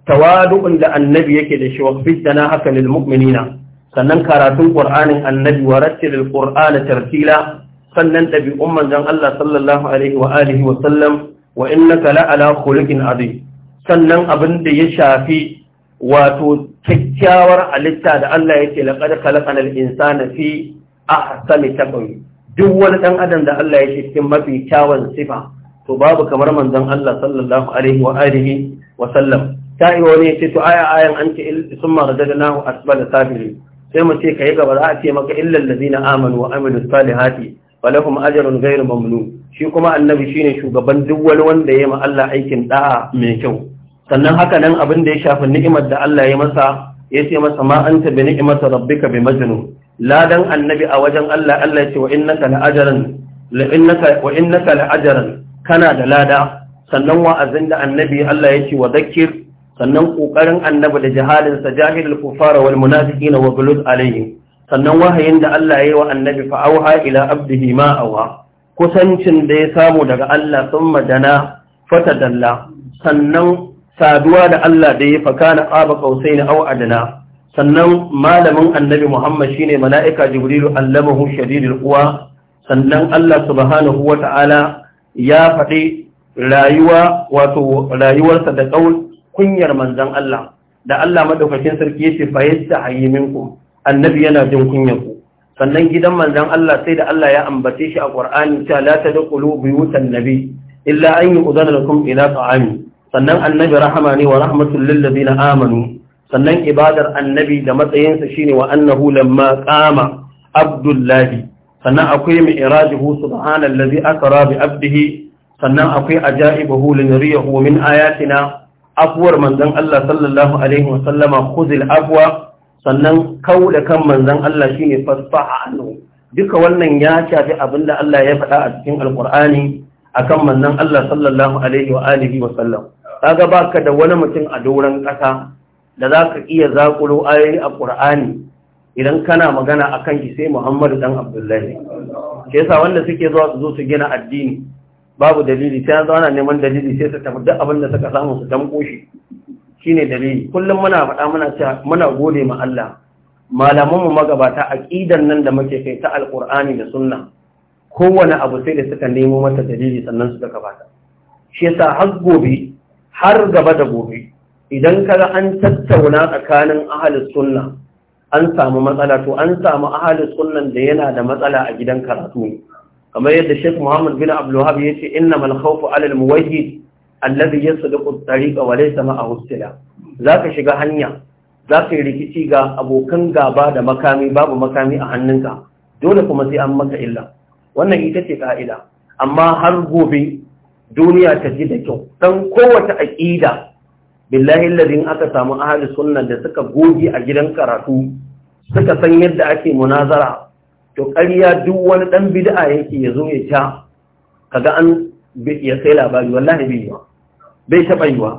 tawadu'un da annabi yake da shi wa fitana haka lil mu'minina sannan karatun qur'anin annabi wa rattilil qur'ana tartila sannan ɗabi'un manzon Allah sallallahu alaihi wa alihi wa sallam wa innaka la'ala khuluqin azim sannan abin da ya shafi wato kyakkyawar halitta da Allah yake laqad khalaqana al-insana fi ahsani taqwim duk wani dan adam da Allah yake cikin mafi kyawun sifa to babu kamar manzon Allah sallallahu alaihi wa alihi wa sallam ta ne ya ce to aya ayan an ce sun mara daga nahu da safiri sai mu ce ka yi gaba za a ce maka illal ladina amanu wa amilu salihati wa lahum ajrun ghairu mamnun shi kuma annabi shine shugaban duk wani wanda ya yi ma Allah aikin da'a mai kyau sannan haka nan abin da ya shafi ni'imar da Allah ya masa ya ce masa ma anta bi ni'imati rabbika bi majnun ladan annabi a wajen Allah Allah ya ce wa innaka la la innaka wa innaka kana da lada sannan wa'azin da annabi Allah ya ce wa dhakkir sannan ƙoƙarin annabi da jihadin sa jahilul kufara wal munafiqin wa gulud alaihim sannan wahayin da Allah yayi wa annabi fa auha ila abdihi ma awa kusancin da ya samu daga Allah thumma dana fatadalla sannan saduwa da Allah da ya fakana qaba qausaini aw adna sannan malamin annabi Muhammad shine mala'ika jibrilu allamahu shadidul quwa sannan Allah subhanahu wata'ala ya faɗi rayuwa wato rayuwarsa da kaul kunyar manzan Allah da Allah madaukakin sarki yace fa yastahi ku. annabi yana jin kunyar ku sannan gidan manzan Allah sai da Allah ya ambace shi a Qur'ani cewa la tadkhulu buyutan nabi illa an yu'dana lakum ila ta'ami sannan annabi rahama ne wa rahmatul lil ladina amanu sannan ibadar annabi da matsayinsa shine wa annahu lamma qama abdullahi sannan akwai mi'rajuhu subhanallazi asra bi abdihi sannan akwai ajaibuhu linriyahu min ayatina afuwar manzon Allah sallallahu alaihi wasallama afwa sannan kau da kan Manzan Allah shine fasfaha anhu duka wannan ya shafi abinda Allah ya faɗa a cikin a akan Manzan Allah sallallahu alaihi wa alihi wasallam baka da wani mutum a doron ƙasa da ka iya zakuro ayoyi a ƙur'ani idan kana magana akan shi sai Muhammadu ɗan Abdullahi ke yasa wanda suke zuwa su zo su gina addini babu dalili sai zo ana neman dalili sai su tafi duk abin da suka samu su tamko shi shine dalili kullum muna faɗa muna cewa muna gode ma Allah malaman mu magabata aqidan nan da muke kai ta alqur'ani da sunna kowane abu sai da suka nemo mata dalili sannan suka gabata shi yasa har gobe har gaba da gobe idan kaga an tattauna tsakanin ahlus sunna an samu matsala to an samu ahlus sunnan da yana da matsala a gidan karatu kamar yadda Sheikh Muhammad bin Abdul Wahhab yace innamal khawfu 'ala al-muwahhid alladhi yasduqu at-tariqa wa laysa ma'ahu silah zaka shiga hanya zaka yi rikici ga abokan gaba da makami babu makami a hannunka dole kuma sai an maka illa wannan ita ce ka'ida amma har gobe duniya ta ji da kyau dan kowace aqida billahi aka samu ahli sunna da suka goge a gidan karatu suka san yadda ake munazara to ƙarya duk wani ɗan bid'a yake ya zo ya ta kaga an ya sai labari wallahi bai yiwa bai taɓa yiwa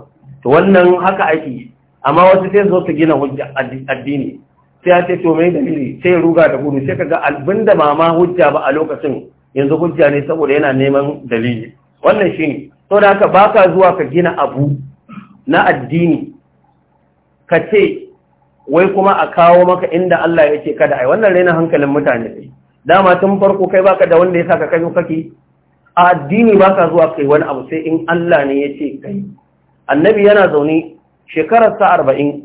to wannan haka ake amma wasu sai zo su gina hujja addini sai ya ce to mai dalili sai ruga da gudu sai kaga da mama hujja ba a lokacin yanzu hujja ne saboda yana neman dalili wannan shine to da haka baka zuwa ka gina abu na addini ka ce wai kuma a kawo maka inda Allah yake kada ai wannan raina hankalin mutane ne dama tun farko kai baka da wanda ya saka kai kake a addini baka zuwa kai wani abu sai in Allah ne ya ce kai annabi yana zaune shekarar sa 40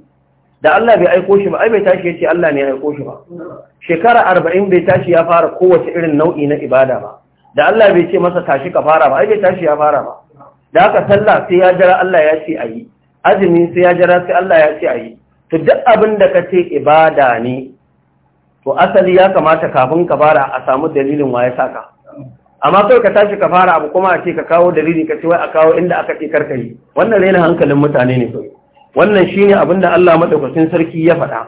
da Allah bai aiko shi ba ai bai tashi yace Allah ne ya aiko shi ba shekara 40 bai tashi ya fara kowace irin nau'i na ibada ba da Allah bai ce masa tashi ka fara ba ai bai tashi ya fara ba da haka sallah sai ya jira Allah ya ce ayi azumi sai ya jira sai Allah ya ce ayi to duk abin da ka ce ibada ne to asali ya kamata kafin ka fara a samu dalilin waye saka amma kai ka tashi ka fara abu kuma a ce ka kawo dalili ka ce wai a kawo inda aka ce karkari. yi wannan raina hankalin mutane ne kai wannan shine abin da Allah madaukakin sarki ya faɗa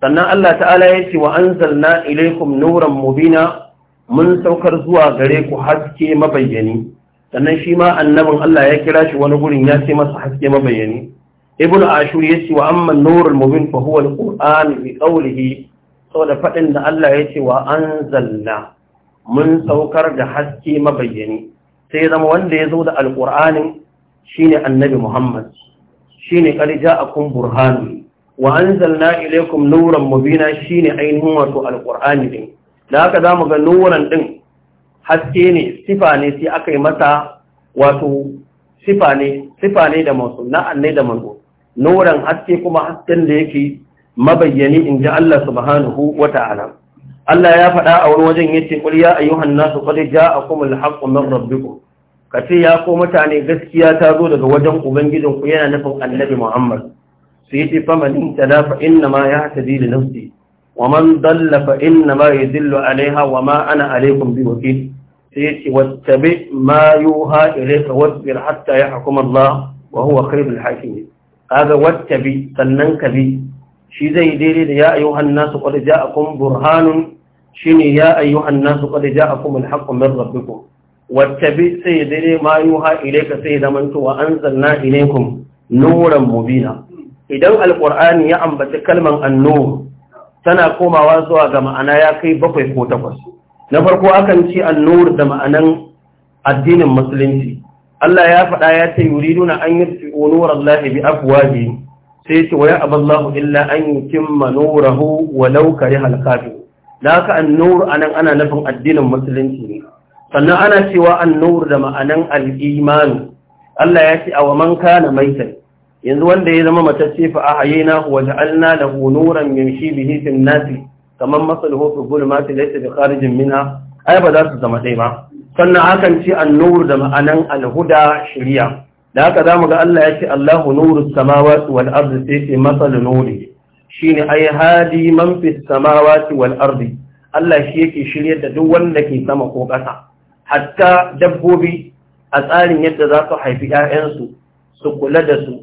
sannan Allah ta'ala ya ce wa anzalna ilaikum nuran mubina mun saukar zuwa gare ku haske mabayyani sannan shi ma annabin Allah ya kira shi wani gurin ya ce masa haske mabayyani ibnu ashur ya ce wa amma nurul mubin fa huwa alquran bi qawlihi saboda faɗin da Allah ya ce wa an zalla mun saukar da haske mabayyani sai zama wanda ya zo da alƙur'anin shi ne annabi Muhammad shi ne ƙarja a kun burhanu wa an zalla ilaikum nuran mubina shi ne ainihin wato alƙur'ani ɗin da haka za mu ga nuran ɗin haske ne sifa ne sai aka yi masa wato sifa ne sifa ne da masu na'an ne da manzo nuran haske kuma hasken da yake mabayyani in ji Allah subhanahu wa ta'ala Allah ya faɗa a wani wajen yace a ya su nasu qad a kuma haqqu min rabbikum kace ya ko mutane gaskiya ta zo daga wajen ubangijin ku yana nufin annabi Muhammad sai yace din intada fa inna ma yahtadi li nafsi wa man dalla fa inna ma yadillu alaiha wa ma ana alaikum bi wakil sai yace wattabi ma yuha ilayka wasbir hatta yahkum Allah wa huwa khairul hakim kaga bi sannan ka bi shi zai yi daidai da ya ayyuhan ja a kun burhanun ne ya ayyuhan nasu qad ja'akum al-haqqu min rabbikum wattabi sai daidai ma yuha ilayka sai zamanto wa anzalna ilaykum nuran mubina idan alkur'ani ya ambaci kalman an tana komawa zuwa ga ma'ana ya kai bakwai ko takwas na farko akan ce an da ma'anan addinin musulunci Allah ya faɗa ya ce yuriduna an yutfi'u nurallahi bi afwahi sai ce wa ya aballahu illa an yutimma nurahu wa laukari halkafi. da haka an anan ana nufin addinin musulunci ne sannan ana cewa an da ma'anan al Allah ya ce a wa man kana maitan yanzu wanda ya zama matacce fa ahayna wa ja'alna lahu nuran yamshi bihi fil nas kaman masaluhu fi laysa bi kharijin minha ai ba za su zama dai ba sannan akan ce an da ma'anan al-huda shari'a da haka zamu ga Allah ya ce Allahu nuru samawati wal ardi sai ce masal nuri shine ai hadi man fi samawati wal ardi Allah shi yake shiryar da duk wanda ke sama ko ƙasa hatta dabbobi a tsarin yadda za su haifi ƴaƴansu su kula da su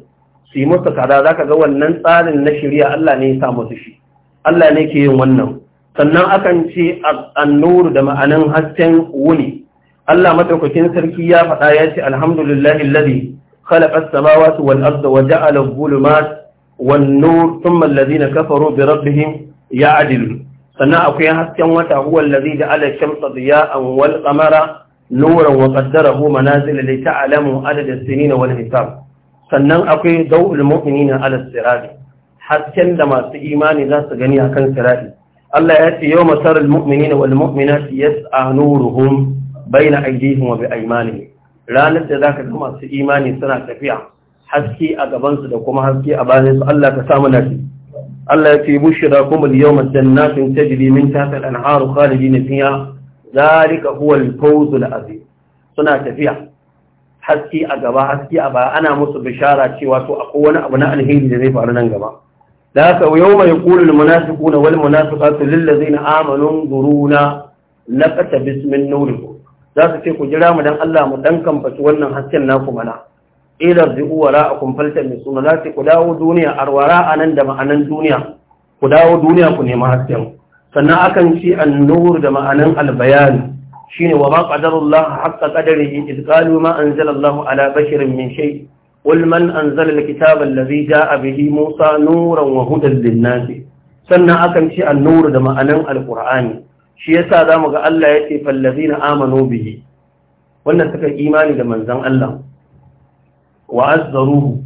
su yi musu kaza zaka ga wannan tsarin na shirya Allah ne ya sa musu shi Allah ne ke yin wannan sannan akan ce annur da ma'anan hasken wuni Allah madaukakin sarki ya faɗa ya ce alhamdulillahi alladhi خلق السماوات والأرض وجعل الظلمات والنور ثم الذين كفروا بربهم يعدلون سنة أكي هسكن هو الذي جعل الشمس ضياء والقمر نورا وقدره منازل لتعلموا عدد السنين والحساب سنة أكي ضوء المؤمنين على السراج هسكن لما إيمان ناس جميعا كان سراج الله يأتي يوم ترى المؤمنين والمؤمنات يسعى نورهم بين أيديهم وبأيمانهم ranar da za ka ga masu imani suna tafiya haske a gabansu da kuma haske a bayan su Allah ka samu nafi Allah ya ce bushra kum al-yawma jannatin tajri min tahtiha na anharu Za fiha zalika huwa al-fawz al suna tafiya haske a gaba haske a baya ana musu bishara cewa to a wani abu na alheri da zai faru nan gaba da haka wani yaqulu al-munafiquna wal zai na ladzina amanu duruna laqata bismin ko. za su ce ku jira mu dan Allah mu dan kamfaci wannan hasken naku mana ilar zi'u wara a kumfalta mai suna za ku dawo duniya arwara a nan da ma'anan duniya ku dawo duniya ku nema hasken sannan akan ci annur da ma'anan albayan shine wa ma qadarullah haqqa qadarihi id qalu ma anzalallahu ala bashirin min shay qul man anzala alkitaba alladhi jaa bihi musa nuran wa hudan lin sannan akan ci annur da ma'anan alqur'ani shi yasa za mu ga Allah ya ce fallazi na bihi wannan suka imani da manzan Allah wa azzaruhu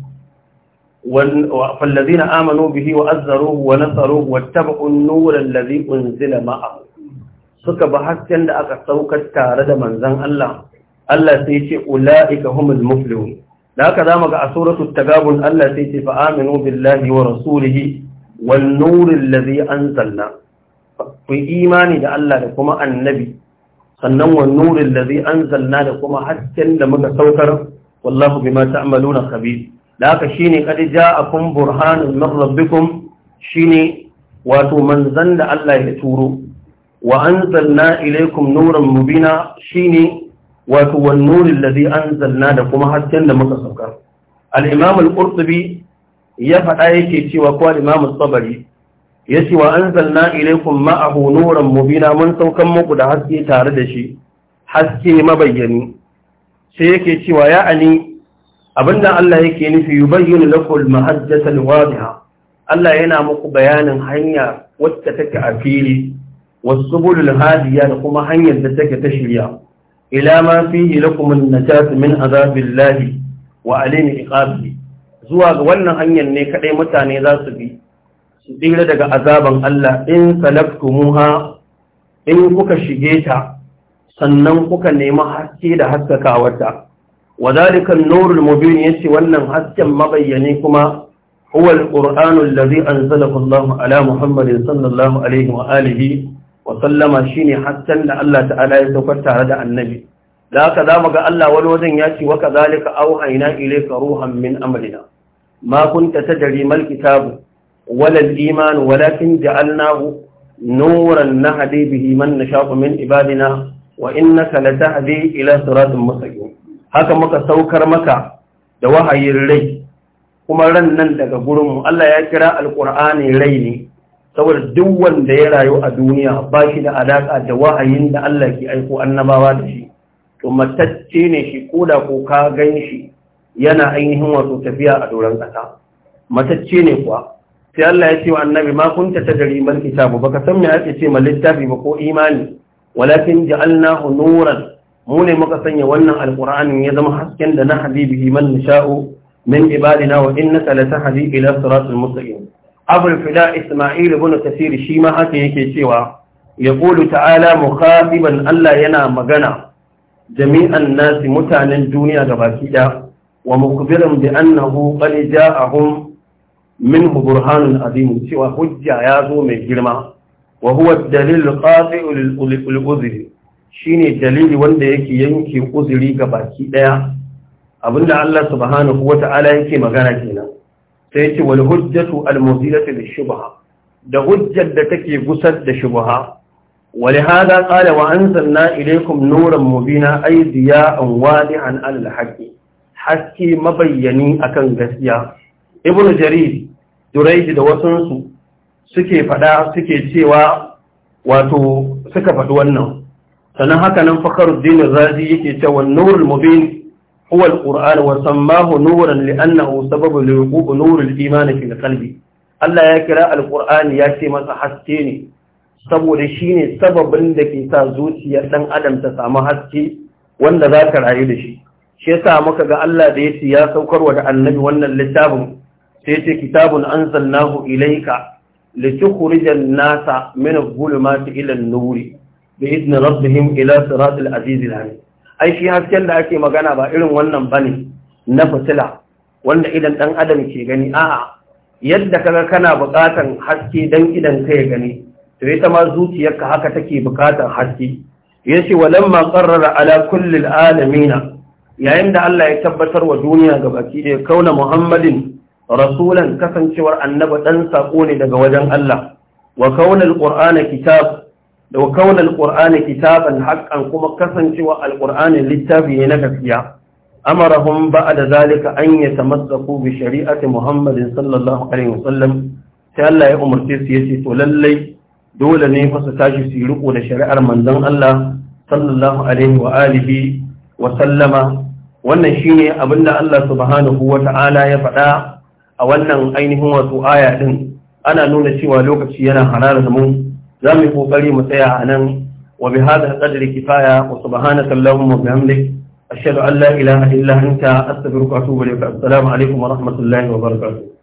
fallazi na amano bihi wa azzaruhu wa nasaruhu wa taba'un nuran lazi unzila ma'ahu suka ba hasken da aka saukar tare da manzan Allah Allah sai ce ula'ika humul muflihun da haka za mu ga a suratul tagabun Allah sai ce fa aminu billahi wa rasulihi wan nuril ladzi anzalna ku imani da Allah da kuma annabi sannan wa nurin da zai anzalna da kuma hasken da muka saukar wallahu bi bima ta'maluna khabir da aka shi ne kadi ja a ja'akum burhanun min shi ne, wato manzan da Allah ya turo wa anzalna "Ilaikum nuran mubina ne, wato wan nurin da zai anzalna da kuma hasken da muka saukar al ƙurtubi ya faɗa yake cewa ko al tsabari. Ya ce, wa anzalna ilaykum ma'ahu nuran mubina mun saukan muku da haske tare da shi haske mabayyani sai yake cewa ya ani abinda Allah yake nufi yubayyinu bayyana al-mahajjata wadiha Allah yana muku bayanin hanya wacce take a fili والسبل الهادية لكم هنيا تتك تشريع إلى ما فيه لكم النجاة من wa الله وعليم Zuwa ga wannan hanyar ne kadai mutane za su bi su tsira daga azaban Allah in salaktumuha in kuka shige ta sannan kuka nemi haske da haskakawarta wa zalikan nurul mubin yace wannan hasken mabayyane kuma huwa alqur'anu allazi anzalahu Allah ala Muhammadin sallallahu alaihi wa alihi wa sallama shine hasken da Allah ta'ala ya saukar tare da annabi da haka za mu ga Allah wani wajen ya ce wa kazalika zalika auhaina ilayka ruhan min amrina ma kunta tadri mal kitabu ولا الإيمان ولكن جعلناه نورا نهدي به من نشاء من عبادنا وإنك لتهدي إلى صراط مستقيم haka muka saukar maka da wahayin rai kuma ran nan daga gurinmu Allah ya kira alkur'ani rai ne saboda duk wanda ya rayu a duniya ba shi da alaƙa da wahayin da Allah ke aiko annabawa da shi to matacce ne shi koda ko ka gan yana ainihin wato tafiya a doron ƙasa matacce ne kuwa sai Allah ya ce wa annabi ma ta tadri mal kitabu baka san me ake ce ma littafi ba ko imani walakin ja'alnahu nuran mu ne muka sanya wannan alqur'anin ya zama hasken da na habibi man nasha'u min ibadina wa innaka latahdi ila siratal mustaqim abul fida isma'il ibn kasir shi ma haka yake cewa yaqulu ta'ala mukhatiban Allah yana magana jami'an nasi mutanen duniya gabaki ɗaya wa mukbiran bi annahu qad ja'ahum min burhanun azim cewa hujja ya zo mai girma wa huwa dalil qati'u lil uzri shine dalili wanda yake yanke uzuri ga baki daya abinda Allah subhanahu wata'ala yake magana kenan sai yace wal hujjatu al muzilatu lish shubha da hujjar da take gusar da shubha ولهذا قال وأنزلنا إليكم نورا مبينا أي ضياء واضحا على الحق Haske mabayyani akan gaskiya. ابن Jarir. duraiji da wasansu suke fada suke cewa wato suka faɗi wannan sannan haka nan fakaruddin razi yake cewa al mubin huwa alquran wa sammahu nuran li'annahu sababu liwuqu nurul iman fi qalbi Allah ya kira alqur'ani ya ce masa haske ne saboda shine sababin da ke sa zuciyar dan adam ta samu haske wanda za ta rayu da shi shi yasa muka ga Allah da yace ya saukar wa da annabi wannan littafin sai ce kitabun anzalnahu ilayka litukhrijan nasa min adh-dhulumati ila nuri bi idni rabbihim ila siratil ai shi hasken da ake magana ba irin wannan bane na fitila wanda idan dan adam ke gani a'a yadda kaga kana buƙatan haske dan idan kai gani to ita ma zuciyarka haka take buƙatan haske yace walamma qarrara ala kulli al-alamin yayin da Allah ya tabbatar wa duniya gabaki da kauna Muhammadin rasulan kasancewar annaba ɗan saƙo ne daga wajen Allah wa kaunal da kitaban haqqan kuma kasancewa alqur'ani littafi ne na gaskiya a da zalika an yatamassaku bi shari'ati muhammadin sallallahu alaihi wasallam Allah ya umarce su ce to lallai dole ne fa su tashi su riko da shari'ar manzon Allah sallallahu alaihi wa alihi wa sallama wannan shine da Allah subhanahu ta'ala ya faɗa a wannan ainihin wato aya din ana nuna cewa lokaci yana hararar mu za mu yi kokari mu tsaya a nan wa bi hada qadri kifaya wa subhanaka allahumma wa bihamdik ashhadu an la ilaha illa anta astaghfiruka wa atubu ilaik assalamu alaikum wa rahmatullahi wa barakatuh